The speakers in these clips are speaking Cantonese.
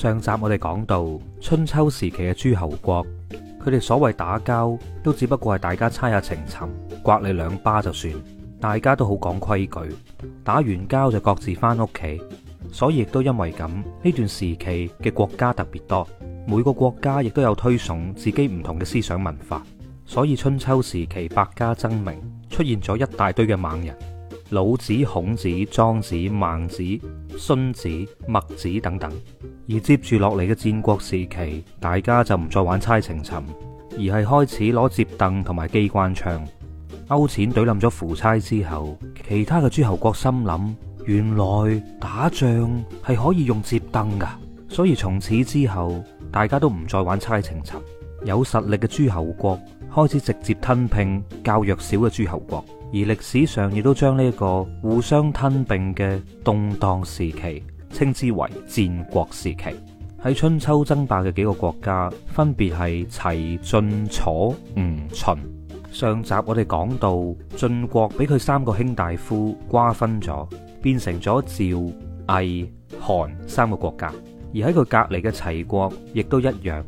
上集我哋講到春秋時期嘅諸侯國，佢哋所謂打交都只不過係大家猜下情尋，刮你兩巴就算，大家都好講規矩，打完交就各自返屋企。所以亦都因為咁呢段時期嘅國家特別多，每個國家亦都有推崇自己唔同嘅思想文化，所以春秋時期百家爭鳴出現咗一大堆嘅猛人，老子、孔子、莊子、孟子、孫子、墨子等等。而接住落嚟嘅戰國時期，大家就唔再玩猜情尋，而係開始攞摺凳同埋機關槍。勾踐懟冧咗夫差之後，其他嘅諸侯國心諗，原來打仗係可以用摺凳噶，所以從此之後，大家都唔再玩猜情尋。有實力嘅諸侯國開始直接吞併較弱小嘅諸侯國，而歷史上亦都將呢個互相吞併嘅動盪時期。稱之為戰國時期。喺春秋爭霸嘅幾個國家，分別係齊、晉、楚、吳、秦。上集我哋講到，晉國俾佢三個卿大夫瓜分咗，變成咗趙、魏、韓三個國家。而喺佢隔籬嘅齊國，亦都一樣，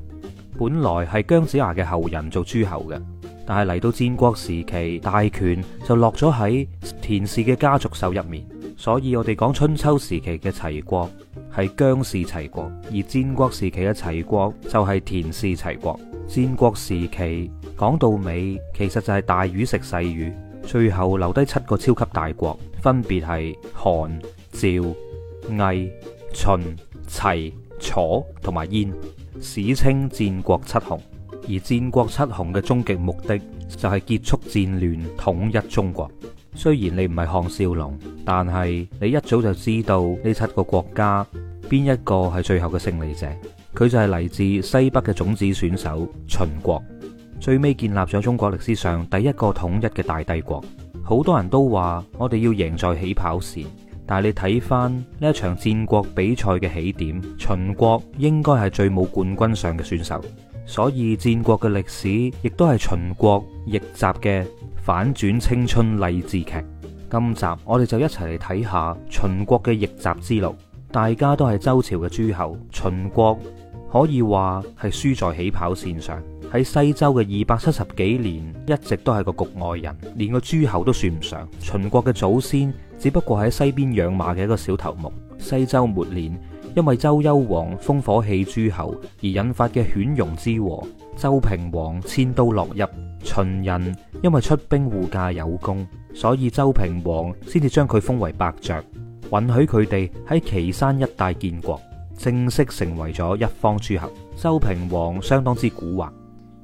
本來係姜子牙嘅後人做諸侯嘅，但係嚟到戰國時期，大權就落咗喺田氏嘅家族手入面。所以我哋講春秋時期嘅齊國係姜氏齊國，而戰國時期嘅齊國就係田氏齊國。戰國時期講到尾，其實就係大魚食細魚，最後留低七個超級大國，分別係韓、趙、魏、秦、齊、楚同埋燕，史稱戰國七雄。而戰國七雄嘅終極目的就係結束戰亂，統一中國。雖然你唔係項少龍，但係你一早就知道呢七個國家邊一個係最後嘅勝利者？佢就係嚟自西北嘅種子選手秦國，最尾建立咗中國歷史上第一個統一嘅大帝國。好多人都話我哋要贏在起跑線，但係你睇翻呢一場戰國比賽嘅起點，秦國應該係最冇冠軍相嘅選手。所以戰國嘅歷史亦都係秦國逆襲嘅反轉青春勵志劇。今集我哋就一齊嚟睇下秦國嘅逆襲之路。大家都係周朝嘅諸侯，秦國可以話係輸在起跑線上。喺西周嘅二百七十幾年，一直都係個局外人，連個諸侯都算唔上。秦國嘅祖先只不過喺西邊養馬嘅一個小頭目。西周末年，因為周幽王烽火戲諸侯而引發嘅犬戎之禍。周平王遷都洛邑，秦人，因為出兵護駕有功，所以周平王先至將佢封為伯爵，允許佢哋喺岐山一帶建國，正式成為咗一方諸侯。周平王相當之古惑，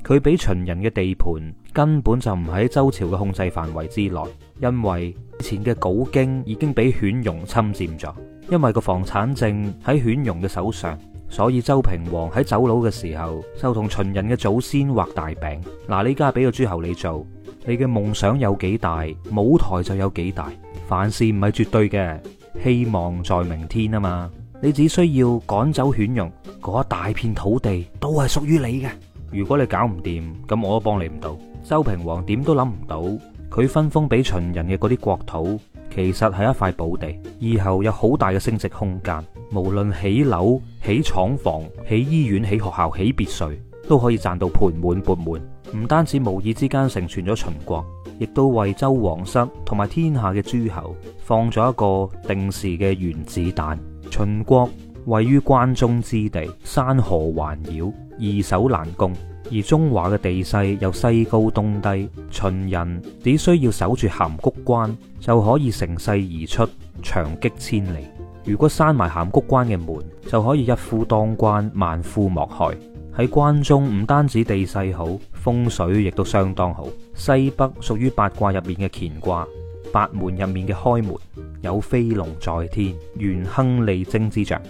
佢俾秦人嘅地盤根本就唔喺周朝嘅控制範圍之內，因為以前嘅鎬京，已經俾犬戎侵佔咗，因為個房產證喺犬戎嘅手上。所以周平王喺走佬嘅時候，就同秦人嘅祖先畫大餅。嗱，呢家俾個諸侯你做，你嘅夢想有幾大，舞台就有幾大。凡事唔係絕對嘅，希望在明天啊嘛。你只需要趕走犬戎，嗰大片土地都係屬於你嘅。如果你搞唔掂，咁我都幫你唔到。周平王點都諗唔到，佢分封俾秦人嘅嗰啲國土。其實係一塊寶地，以後有好大嘅升值空間。無論起樓、起廠房、起醫院、起學校、起別墅，都可以賺到盆滿鉢滿。唔單止無意之間成全咗秦國，亦都為周王室同埋天下嘅諸侯放咗一個定時嘅原子彈。秦國位於關中之地，山河環繞，易守難攻。而中華嘅地勢又西高東低，秦人只需要守住函谷關就可以乘勢而出，長擊千里。如果閂埋函谷關嘅門，就可以一夫當關，萬夫莫害。喺關中唔單止地勢好，風水亦都相當好。西北屬於八卦入面嘅乾卦，八門入面嘅開門，有飛龍在天，元亨利貞之象。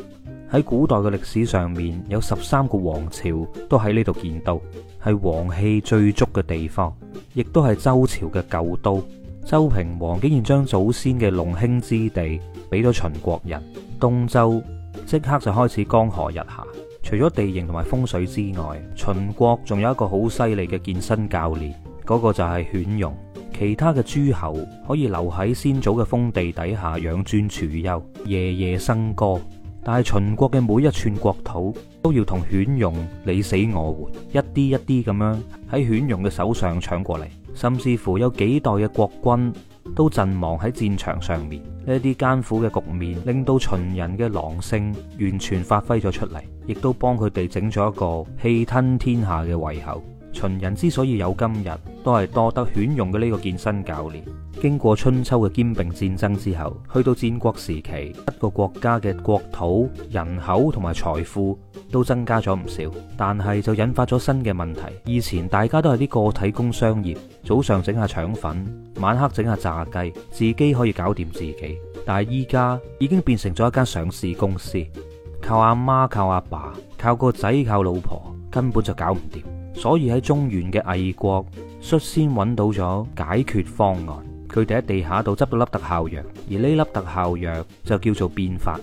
喺古代嘅歷史上面，有十三個王朝都喺呢度建都，係王氣最足嘅地方，亦都係周朝嘅舊都。周平王竟然將祖先嘅龍興之地俾咗秦國人，東周即刻就開始江河日下。除咗地形同埋風水之外，秦國仲有一個好犀利嘅健身教練，嗰個就係犬戎。其他嘅諸侯可以留喺先祖嘅封地底下養尊處優，夜夜笙歌。但係秦國嘅每一寸國土都要同犬戎你死我活，一啲一啲咁樣喺犬戎嘅手上搶過嚟，甚至乎有幾代嘅國君都陣亡喺戰場上面。呢啲艱苦嘅局面，令到秦人嘅狼性完全發揮咗出嚟，亦都幫佢哋整咗一個氣吞天下嘅胃口。秦人之所以有今日，都係多得犬用嘅呢個健身教練。經過春秋嘅兼併戰爭之後，去到戰國時期，一個國家嘅國土、人口同埋財富都增加咗唔少，但係就引發咗新嘅問題。以前大家都係啲個體工商業，早上整下腸粉，晚黑整下炸雞，自己可以搞掂自己。但係依家已經變成咗一間上市公司，靠阿媽、靠阿爸、靠個仔、靠老婆，根本就搞唔掂。所以喺中原嘅魏國率先揾到咗解決方案，佢哋喺地下度執到粒特效藥，而呢粒特效藥就叫做變法。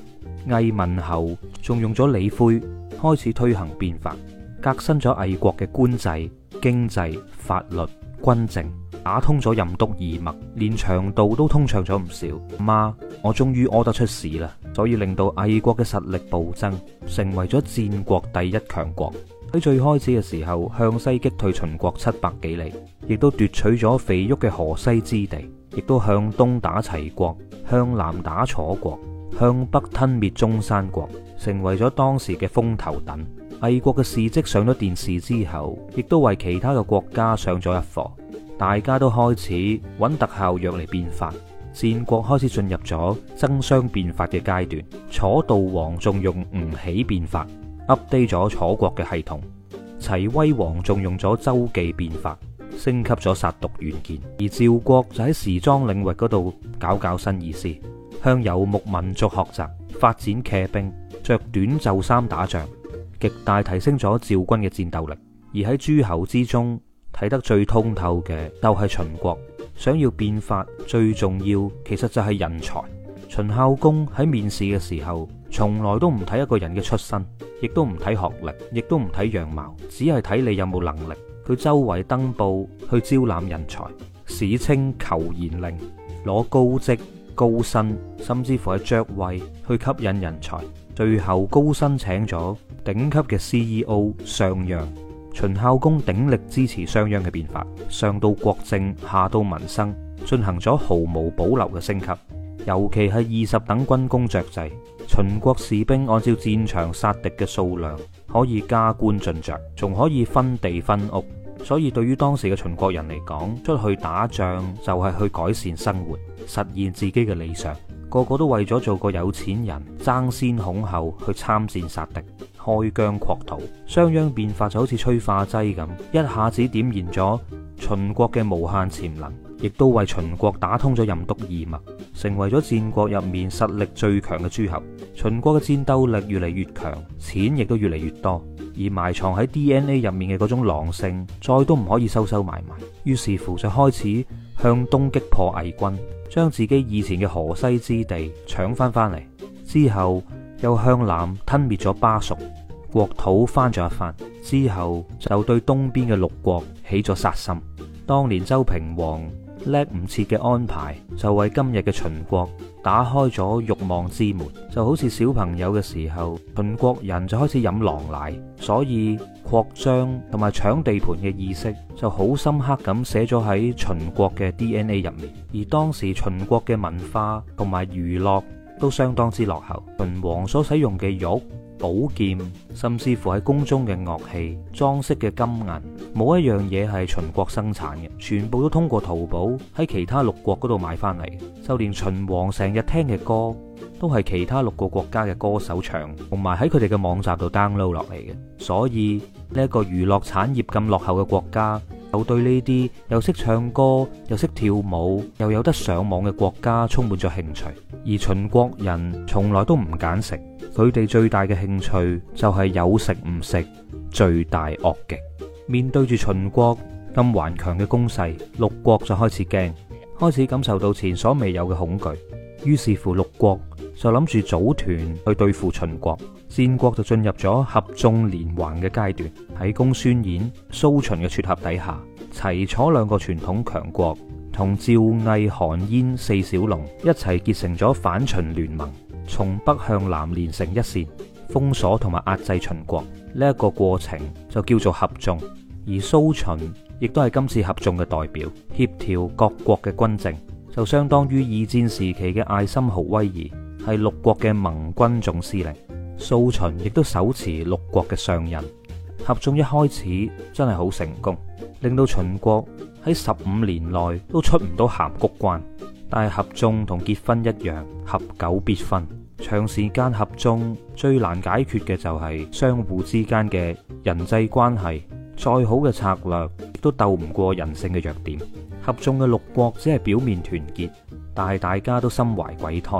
魏文侯仲用咗李悝開始推行變法，革新咗魏國嘅官制、經濟、法律、軍政，打通咗任督二脈，連腸道都通暢咗唔少。媽，我終於屙得出屎啦！所以令到魏國嘅實力暴增，成為咗戰國第一強國。喺最開始嘅時候，向西擊退秦國七百幾里，亦都奪取咗肥沃嘅河西之地，亦都向東打齊國，向南打楚國，向北吞滅中山國，成為咗當時嘅風頭。等魏國嘅事跡上咗電視之後，亦都為其他嘅國家上咗一課，大家都開始揾特效藥嚟變法。戰國開始進入咗爭相變法嘅階段，楚悼王重用吳起變法。update 咗楚國嘅系統，齊威王仲用咗鄒忌變法，升級咗殺毒軟件，而趙國就喺時裝領域嗰度搞搞新意思，向游牧民族學習，發展騎兵，着短袖衫打仗，極大提升咗趙軍嘅戰鬥力。而喺諸侯之中睇得最通透嘅都係秦國，想要變法最重要，其實就係人才。秦孝公喺面試嘅時候。從來都唔睇一個人嘅出身，亦都唔睇學歷，亦都唔睇樣貌，只係睇你有冇能力。佢周圍登報去招攬人才，史稱求賢令，攞高職高薪，甚至乎係爵位去吸引人才。最後高薪請咗頂級嘅 C E O 商鞅。秦孝公鼎力支持商鞅嘅變法，上到國政，下到民生，進行咗毫無保留嘅升級。尤其係二十等軍功爵制。秦國士兵按照戰場殺敵嘅數量，可以加官進爵，仲可以分地分屋，所以對於當時嘅秦國人嚟講，出去打仗就係去改善生活，實現自己嘅理想，個個都為咗做個有錢人，爭先恐後去參戰殺敵，開疆擴土。商鞅變法就好似催化劑咁，一下子點燃咗秦國嘅無限潛能，亦都為秦國打通咗任督二脈。成為咗戰國入面實力最強嘅諸侯，秦國嘅戰鬥力越嚟越強，錢亦都越嚟越多，而埋藏喺 DNA 入面嘅嗰種狼性，再都唔可以收收埋埋，於是乎就開始向東擊破魏軍，將自己以前嘅河西之地搶翻翻嚟，之後又向南吞滅咗巴蜀，國土翻咗一番，之後就對東邊嘅六國起咗殺心。當年周平王。叻唔切嘅安排，就為今日嘅秦國打開咗欲望之門，就好似小朋友嘅時候，秦國人就開始飲狼奶，所以擴張同埋搶地盤嘅意識就好深刻咁寫咗喺秦國嘅 DNA 入面，而當時秦國嘅文化同埋娛樂。都相當之落後。秦王所使用嘅玉寶劍，甚至乎喺宮中嘅樂器、裝飾嘅金銀，冇一樣嘢係秦國生產嘅，全部都通過淘寶喺其他六國嗰度買翻嚟。就連秦王成日聽嘅歌，都係其他六個國家嘅歌手唱，同埋喺佢哋嘅網站度 download 落嚟嘅。所以呢一個娛樂產業咁落後嘅國家。就對呢啲又識唱歌又識跳舞又有得上網嘅國家充滿咗興趣，而秦國人從來都唔揀食，佢哋最大嘅興趣就係有食唔食，罪大惡極。面對住秦國咁頑強嘅攻勢，六國就開始驚，開始感受到前所未有嘅恐懼。於是乎，六國就諗住組團去對付秦國。戰國就進入咗合縱連環嘅階段，喺公孫衍、蘇秦嘅撮合底下，齊楚兩個傳統強國同趙魏韓燕四小龍一齊結成咗反秦聯盟，從北向南連成一線，封鎖同埋壓制秦國呢一個過程就叫做合縱。而蘇秦亦都係今次合縱嘅代表，協調各國嘅軍政，就相當於二戰時期嘅艾森豪威爾係六國嘅盟軍總司令。蘇秦亦都手持六國嘅上任合縱，一開始真係好成功，令到秦國喺十五年內都出唔到函谷關。但係合縱同結婚一樣，合久必分，長時間合縱最難解決嘅就係相互之間嘅人際關係。再好嘅策略亦都鬥唔過人性嘅弱點。合縱嘅六國只係表面團結，但係大家都心懷鬼胎。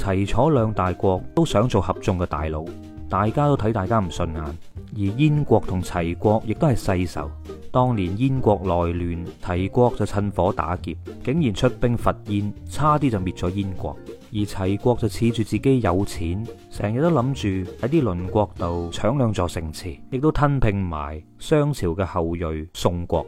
齊楚兩大國都想做合縱嘅大佬，大家都睇大家唔順眼，而燕國同齊國亦都係世仇。當年燕國內亂，齊國就趁火打劫，竟然出兵伐燕，差啲就滅咗燕國。而齊國就恃住自己有錢，成日都諗住喺啲鄰國度搶兩座城池，亦都吞併埋商朝嘅後裔宋國，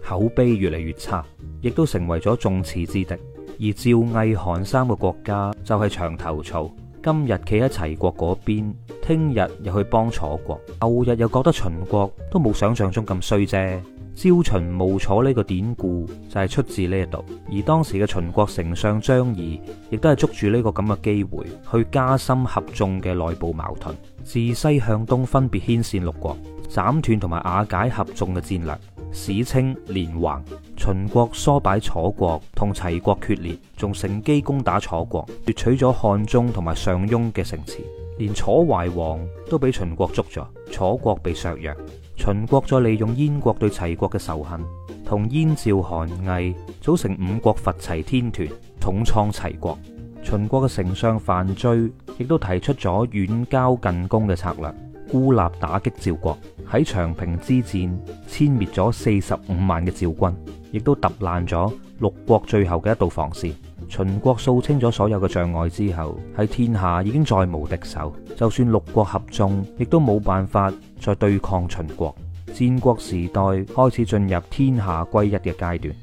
口碑越嚟越差，亦都成為咗眾矢之的。而趙魏韓三個國家就係牆頭草，今日企喺齊國嗰邊，聽日又去幫楚國，後日又覺得秦國都冇想象中咁衰啫。朝秦暮楚呢個典故就係出自呢一度，而當時嘅秦國丞相張儀亦都係捉住呢個咁嘅機會，去加深合縱嘅內部矛盾，自西向東分別牽線六國，斬斷同埋瓦解合縱嘅戰略。史稱連橫，秦國唆擺楚國同齊國決裂，仲乘機攻打楚國，奪取咗漢中同埋上庸嘅城池，連楚懷王都俾秦國捉咗，楚國被削弱。秦國再利用燕國對齊國嘅仇恨，同燕趙韓魏組成五國伐齊天團，重創齊國。秦國嘅丞相范睢，亦都提出咗遠交近攻嘅策略。孤立打擊趙國，喺長平之戰殲滅咗四十五萬嘅趙軍，亦都揼爛咗六國最後嘅一道防線。秦國掃清咗所有嘅障礙之後，喺天下已經再無敵手，就算六國合縱，亦都冇辦法再對抗秦國。戰國時代開始進入天下歸一嘅階段。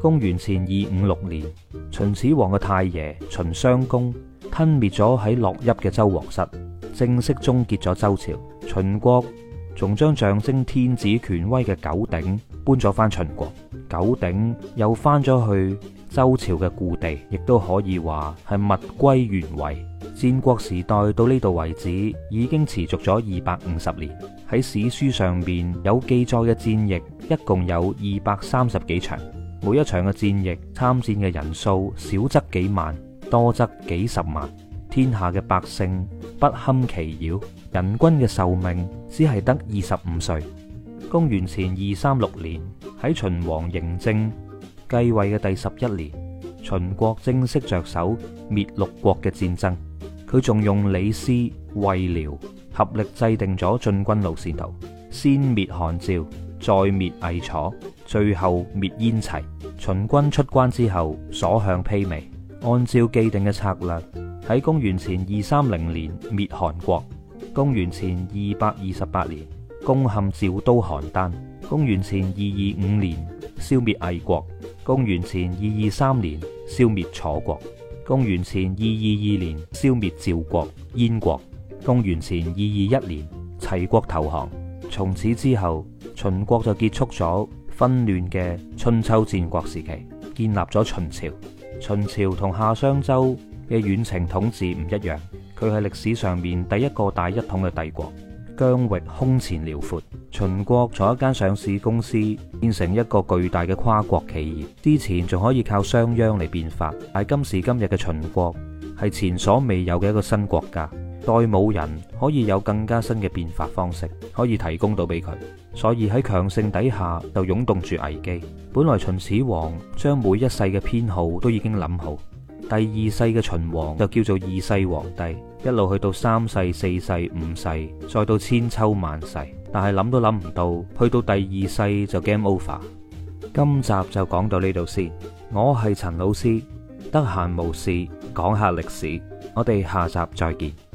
公元前二五六年，秦始皇嘅太爺秦襄公吞滅咗喺洛邑嘅周王室。正式終結咗周朝，秦國仲將象徵天子權威嘅九鼎搬咗翻秦國，九鼎又翻咗去周朝嘅故地，亦都可以話係物歸原位。戰國時代到呢度為止，已經持續咗二百五十年。喺史書上邊有記載嘅戰役一共有二百三十幾場，每一場嘅戰役參戰嘅人數少則幾萬，多則幾十萬。天下嘅百姓不堪其擾，人均嘅壽命只係得二十五歲。公元前二三六年，喺秦王嬴政繼位嘅第十一年，秦國正式着手滅六國嘅戰爭。佢仲用李斯、尉繚，合力制定咗進軍路線圖，先滅韓趙，再滅魏楚，最後滅燕齊。秦軍出關之後，所向披靡。按照既定嘅策略，喺公元前二三零年滅韓國，公元前二百二十八年攻陷趙都邯鄲，公元前二二五年消滅魏國，公元前二二三年消滅楚國，公元前二二二年消滅趙國、燕國，公元前二二一年齊國投降，從此之後秦國就結束咗紛亂嘅春秋戰國時期，建立咗秦朝。秦朝同夏商周。嘅遠程統治唔一樣，佢係歷史上面第一個大一統嘅帝國，疆域空前遼闊。秦國從一間上市公司變成一個巨大嘅跨國企業，之前仲可以靠商鞅嚟變法，但今時今日嘅秦國係前所未有嘅一個新國家，代冇人可以有更加新嘅變法方式，可以提供到俾佢，所以喺強盛底下就湧動住危機。本來秦始皇將每一世嘅編號都已經諗好。第二世嘅秦王就叫做二世皇帝，一路去到三世、四世、五世，再到千秋萬世，但係諗都諗唔到，去到第二世就 game over。今集就講到呢度先，我係陳老師，得閒無事講下歷史，我哋下集再見。